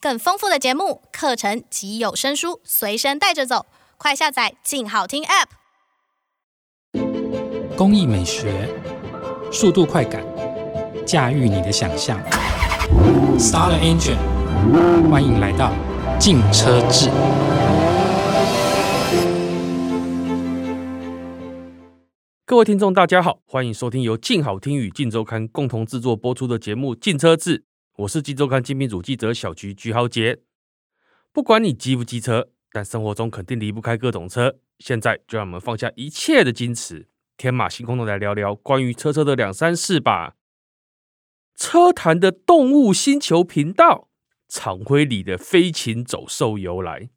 更豐富的節目、課程及有聲書隨身帶着走，快下載“靜好聽 ”App。工藝美學、速度快感，駕馭你的想象。Star Engine，歡迎來到《靜車誌》。各位聽眾，大家好，歡迎收聽由“靜好聽”與《靜週刊》共同制作播出的節目《靜車誌》。我是《金週刊》精品組記者小菊居豪傑。不管你機不機車，但生活中肯定離不開各種車。現在就讓我們放下一切的矜持，天馬行空的來聊聊關於車車的兩三事吧。車壇的動物星球頻道，廠徽裡的飛禽走獸由來，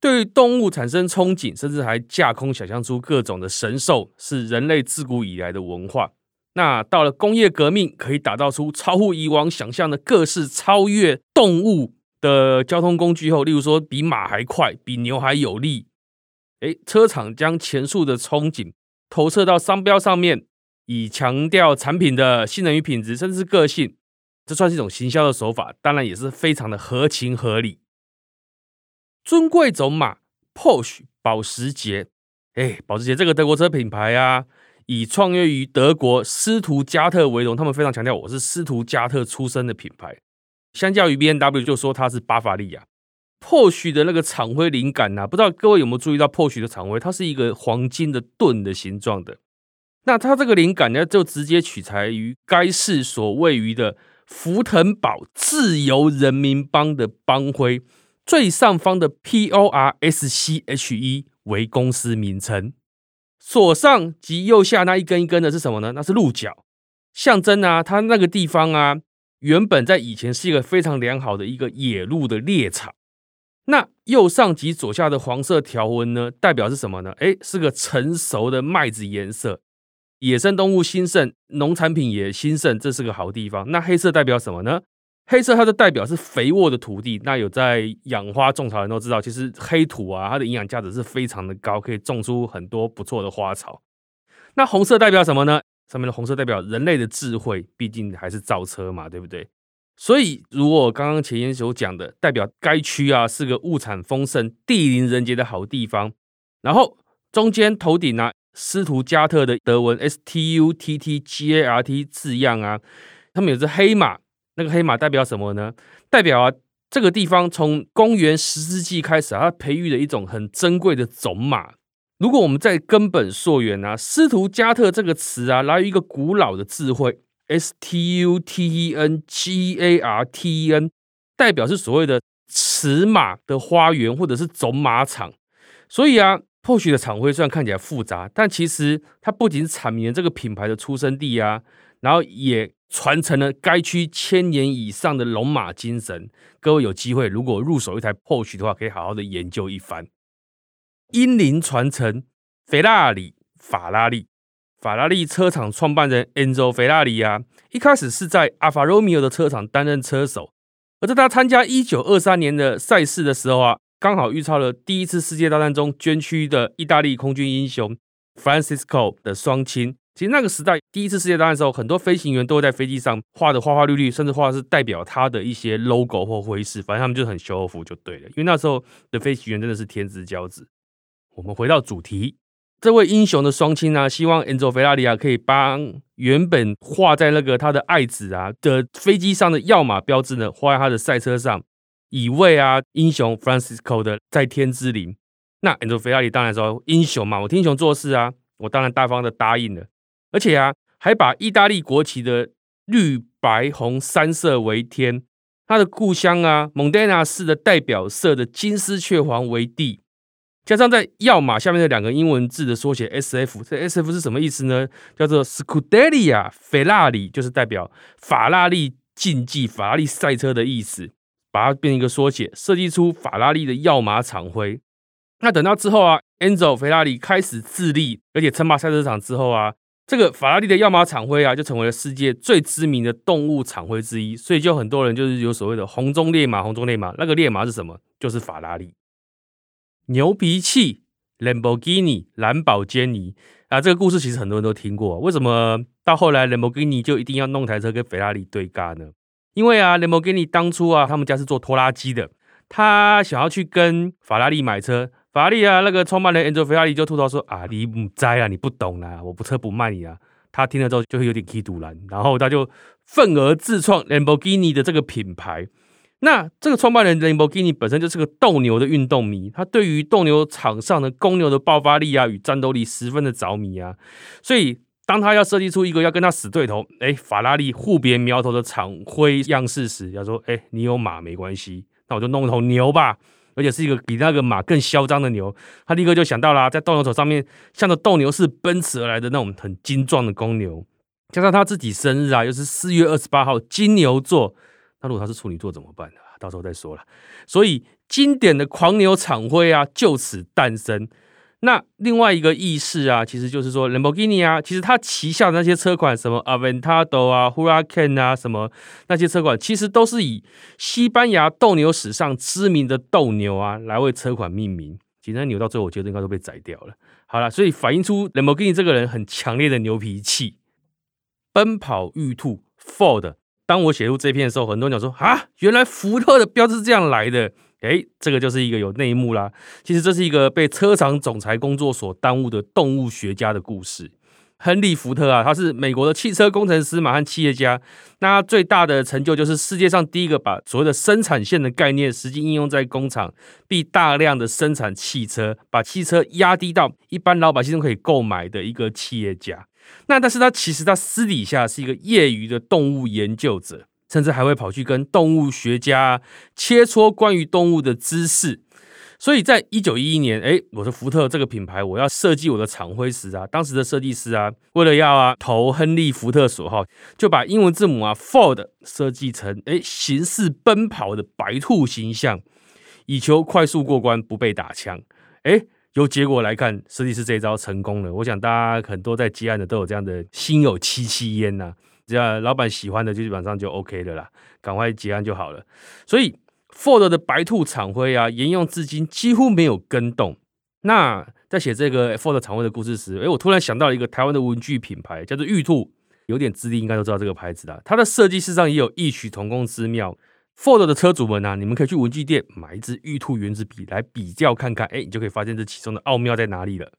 對於動物產生憧憬，甚至還架空想象出各種的神獸，是人類自古以來的文化。那到了工業革命，可以打造出超乎以往想象的各式超越動物的交通工具後，例如說比馬還快，比牛還有力。誒、欸，車廠將前述的憧憬投射到商標上面，以強調產品的性能與品質，甚至個性，這算是一種行銷的手法，當然也是非常的合情合理。尊貴走馬，Porsche 保時捷，誒、欸，保時捷這個德國車品牌啊。以創業於德國斯圖加特為榮，他們非常強調我是斯圖加特出身的品牌。相較於 B M W，就說它是巴伐利亞。Porsche 的那個廠徽靈感吶、啊，不知道各位有沒有注意到，Porsche 的廠徽，它是一個黃金的盾的形狀的。那它這個靈感呢，就直接取材於該市所位於的福騰堡自由人民邦的邦徽，最上方的 P O R S C H E 為公司名稱。左上及右下那一根一根的是什麼呢？那是鹿角，象徵啊，它那個地方啊，原本在以前是一個非常良好的一個野鹿的獵場。那右上及左下的黃色條紋呢，代表是什麼呢？哎，是個成熟的麥子顏色，野生動物興盛，農產品也興盛，這是個好地方。那黑色代表什麼呢？黑色它的代表是肥沃的土地，那有在養花種草的人都知道，其實黑土啊，它的營養價值是非常的高，可以種出很多不錯的花草。那紅色代表什麼呢？上面的紅色代表人類的智慧，畢竟還是造車嘛，對不對？所以如我剛剛前言所講的，代表該區啊是個物產豐盛、地靈人傑的好地方。然後中間頭頂啊，斯圖加特的德文 S T U T T G A R T 字樣啊，他們有隻黑馬。那個黑馬代表什麼呢？代表啊，這個地方從公元十世紀開始，啊，它培育了一種很珍貴的種馬。如果我們再根本溯源啊，“斯圖加特”這個詞啊，來源於一個古老的智慧 “S T U T E N G A R T E N”，代表是所謂的“雌馬的花園”或者是“種馬場”。所以啊 Porsche 的廠徽雖然看起來複雜，但其實它不僅是闡明這個品牌的出生地啊。然後也傳承了該區千年以上的龍馬精神。各位有機會，如果入手一台 Porsche 的話，可以好好的研究一番。英靈傳承，菲拉里，法拉利，法拉利車廠創辦人 Enzo 菲拉里啊，一開始是在阿法·羅米歐的車廠擔任車手，而在他參加一九二三年的賽事的時候啊，剛好遇上了第一次世界大戰中捐軀的意大利空軍英雄 Francisco 的雙親。其實那個時代，第一次世界大戰的時候，很多飛行員都會在飛機上畫的花花綠綠，甚至畫的是代表他的一些 logo 或徽飾，反正他們就很修服就對了。因為那時候的飛行員真的是天之驕子。我們回到主題，這位英雄的雙親呢，希望 Enzo Ferrari 啊可以幫原本畫在那個他的愛子啊的飛機上的要碼標誌呢，畫在他的賽車上，以慰啊英雄 Francisco 的在天之靈。那 Enzo Ferrari 當然說，英雄嘛，我聽英雄做事啊，我當然大方的答應了。而且啊，還把意大利國旗的綠白紅三色為天，他的故鄉啊蒙特納市的代表色的金絲雀黃為地，加上在躍馬下面的兩個英文字的縮寫 S F，這 S F 是什麼意思呢？叫做 Scuderia Ferrari，就是代表法拉利競技法拉利賽車的意思，把它變成一個縮寫，設計出法拉利的躍馬廠徽。那等到之後啊，Enzo Ferrari 開始自立，而且稱霸賽車場之後啊。這個法拉利的耀馬廠徽啊，就成為了世界最知名的動物廠徽之一，所以就很多人就是有所謂的紅中烈馬，紅中烈馬那個烈馬是什麼？就是法拉利牛脾氣，Lamborghini 藍博基尼啊。這個故事其實很多人都聽過，為什麼到後來 h i n 尼就一定要弄台車跟法拉利對嘎呢？因為啊，h i n 尼當初啊，他們家是做拖拉機的，他想要去跟法拉利買車。法拉利啊，那個創辦人 Enzo Ferrari 就吐槽說：“啊，你唔知啊，你不懂啦，啊，我不車不賣你啊。”他聽了之後，就會有點氣堵啦，然後他就憤而自創 Lamborghini 的這個品牌。那這個創辦人 Lamborghini 本身就是個鬥牛的運動迷，他對於鬥牛場上的公牛的爆發力啊與戰鬥力十分的着迷啊，所以當他要設計出一個要跟他死對頭哎，欸、法拉利互別苗頭的廠徽樣式時，他說：“哎，欸，你有馬沒關係，那我就弄一頭牛吧。”而且是一個比那個馬更囂張的牛，他立刻就想到了，啊，在鬥牛場上面向著鬥牛士奔馳而來的那種很精壯的公牛，加上他自己生日啊，又是四月二十八號金牛座，那如果他是處女座怎麼辦呢？到時候再說了。所以經典的狂牛廠徽啊就此誕生。那另外一個意思啊，其實就是說，蘭博基尼啊，其實它旗下的那些車款，什麼 Aventador 啊、Huracan 啊，什麼那些車款，其實都是以西班牙鬥牛史上知名的鬥牛啊來為車款命名。其實那牛到最後，我覺得應該都被宰掉了。好了，所以反映出蘭博基尼這個人很強烈的牛脾氣。奔跑玉兔，Ford。當我寫入這篇的時候，很多人講說啊，原來福特的標誌是這樣來的。哎，這個就是一個有內幕啦。其實這是一個被車廠總裁工作所耽誤的動物學家的故事。亨利·福特啊，他是美國的汽車工程師嘛，和企業家。那他最大的成就就是世界上第一個把所謂的生產線的概念實際應用在工廠，並大量的生產汽車，把汽車壓低到一般老百姓都可以購買的一個企業家。那但是他其實他私底下是一個業餘的動物研究者。甚至還會跑去跟動物學家切磋關於動物的知識，所以在一九一一年，欸，誒我的福特這個品牌，我要設計我的廠徽時啊，當時的設計師啊，為了要啊投亨利福特所好，就把英文字母啊 Ford 設計成誒，欸，形似奔跑的白兔形象，以求快速過關不被打槍。誒，由結果來看，設計師這一招成功了。我想大家很多在接案的都有這樣的心有戚戚焉吶。只要老闆喜歡的，就基本上就 OK 了啦，趕快結案就好了。所以 Ford 的白兔廠徽啊，沿用至今幾乎沒有更動。那在寫這個 Ford 廠徽的故事時，誒，我突然想到一個台灣的文具品牌，叫做玉兔，有點資歷應該都知道這個牌子的。它的設計事實上也有異曲同工之妙。Ford 的車主們啊，你們可以去文具店買一支玉兔原子筆來比較看看，哎，你就可以發現這其中的奧妙在哪裡了。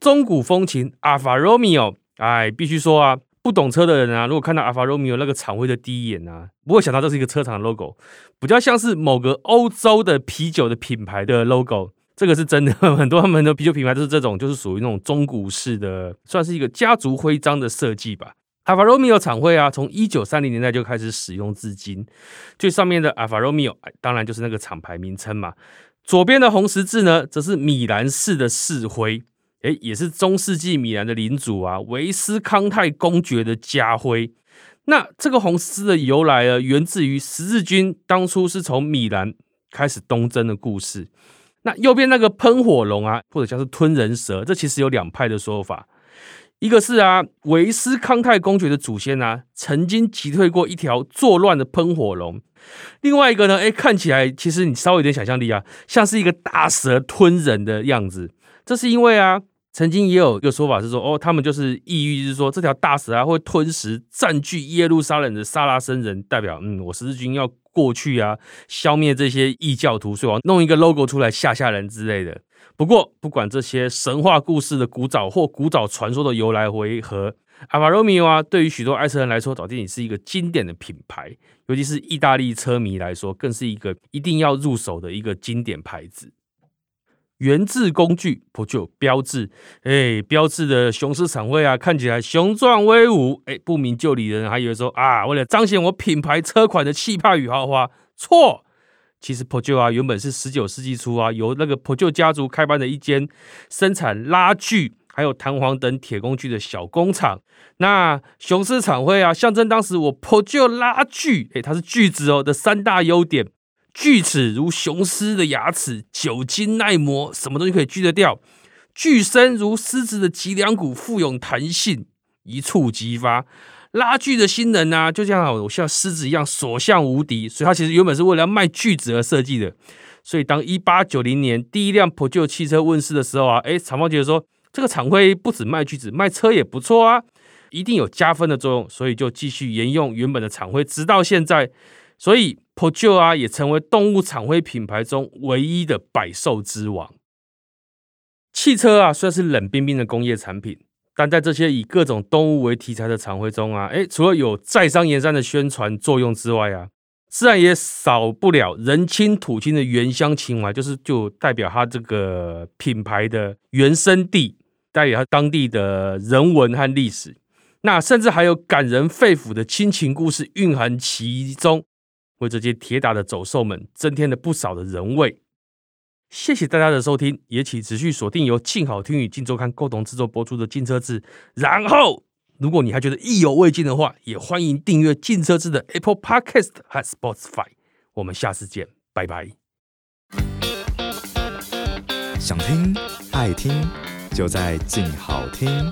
中古風情 Alfa Romeo，哎，必須說啊。不懂車的人啊，如果看到阿爾法羅密歐那個廠徽的第一眼啊，不會想到這是一個車廠的 logo，比較像是某個歐洲的啤酒的品牌的 logo。這個是真的，很多他們的啤酒品牌都是這種，就是屬於那種中古式的，算是一個家族徽章的設計吧。阿爾法羅密歐廠徽啊，從一九三零年代就開始使用至今。最上面的阿爾法羅密歐，當然就是那個廠牌名稱嘛。左邊的紅十字呢，則是米蘭市的市徽。誒也是中世紀米蘭的領主啊，維斯康泰公爵的家徽。那這個紅十字的由來啊、呃，源自於十字軍當初是從米蘭開始東征的故事。那右邊那個噴火龍啊，或者叫做吞人蛇，這其實有兩派的說法。一個是啊，維斯康泰公爵的祖先呢、啊，曾經擊退過一條作亂的噴火龍。另外一個呢，誒，看起來其實你稍微有點想象力啊，像是一個大蛇吞人的樣子。這是因為啊。曾經也有一個說法是說，哦，他們就是意欲就是說，這條大蛇啊會吞食佔據耶路撒冷的撒拉森人，代表嗯，我十字軍要過去啊，消滅這些異教徒，所以我要弄一個 logo 出來嚇嚇人之類的。不過，不管這些神話故事的古早或古早傳說的由來為何，阿法羅密歐啊，對於許多愛車人來說，到底也是一個經典的品牌，尤其是意大利車迷來說，更是一個一定要入手的一個經典牌子。源自工具，Peugeot 標誌，誒、欸，標誌的雄獅廠徽啊，看起來雄壯威武，誒、欸，不明就裡人還以為說啊，為了彰顯我品牌車款的氣派與豪華。錯，其實 Peugeot 啊，原本是十九世紀初啊，由那個 Peugeot 家族開辦的一間生產拉鋸還有彈簧等鐵工具的小工廠。那雄獅廠徽啊，象徵當時我 Peugeot 拉鋸，誒、欸，它是鋸子哦的三大優點。鋸齒如雄獅的牙齒，久經耐磨，什麼東西可以鋸得掉？鋸身如獅子的脊梁骨，富有彈性，一觸即發。拉鋸的新人吶、啊，就像我像獅子一樣，所向無敵。所以，它其實原本是為了要賣鋸子而設計的。所以，當一八九零年第一輛 Peugeot 汽車問世的時候啊，誒，廠方覺得說，這個廠徽不止賣鋸子，賣車也不錯啊，一定有加分的作用，所以就繼續沿用原本的廠徽，直到現在。所以 Peugeot 啊，也成為動物廠徽品牌中唯一的“百獸之王”。汽車啊，雖然是冷冰冰的工業產品，但在這些以各種動物為題材的廠徽中啊，誒，除了有在商言商的宣傳作用之外啊，自然也少不了人親土親的原鄉情懷，就是就代表它這個品牌的原生地，代表它當地的人文和歷史。那甚至還有感人肺腑的親情故事蘊含其中。為這些鐵打的走獸們增添了不少的人味。謝謝大家的收聽，也請持續鎖定由靜好聽與靜周刊共同製作播出的《靜車誌》。然後，如果你還覺得意猶未盡的話，也歡迎訂閱《靜車誌》的 Apple Podcast 和 Spotify。我們下次見，拜拜。想聽愛聽就在靜好聽。